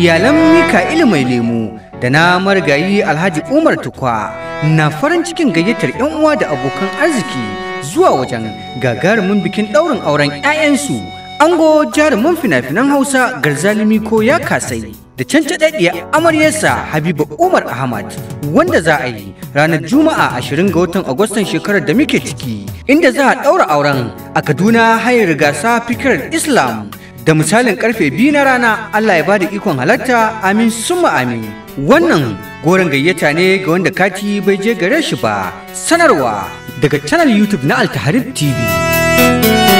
iyalan Mika'ilu mai lemo da na margayi Alhaji Umar Tukwa na farin cikin gayyatar 'yan uwa da abokan arziki zuwa wajen gagarumin bikin ɗaurin auren 'ya'yansu ango jarumin fina-finan Hausa Garzalimi ko ya kasai da cancaɗaɗɗiyar amaryarsa Habiba Umar Ahmad wanda za a yi ranar Juma'a 20 ga watan Agustan shekarar da muke ciki inda za a ɗaura auren a Kaduna hayar gasa fikirar Islam da misalin karfe biyu na rana Allah ya bada ikon halatta amin summa amin wannan goron gayyata ne ga wanda kati bai je gare shi ba sanarwa daga channel youtube na altaharib tv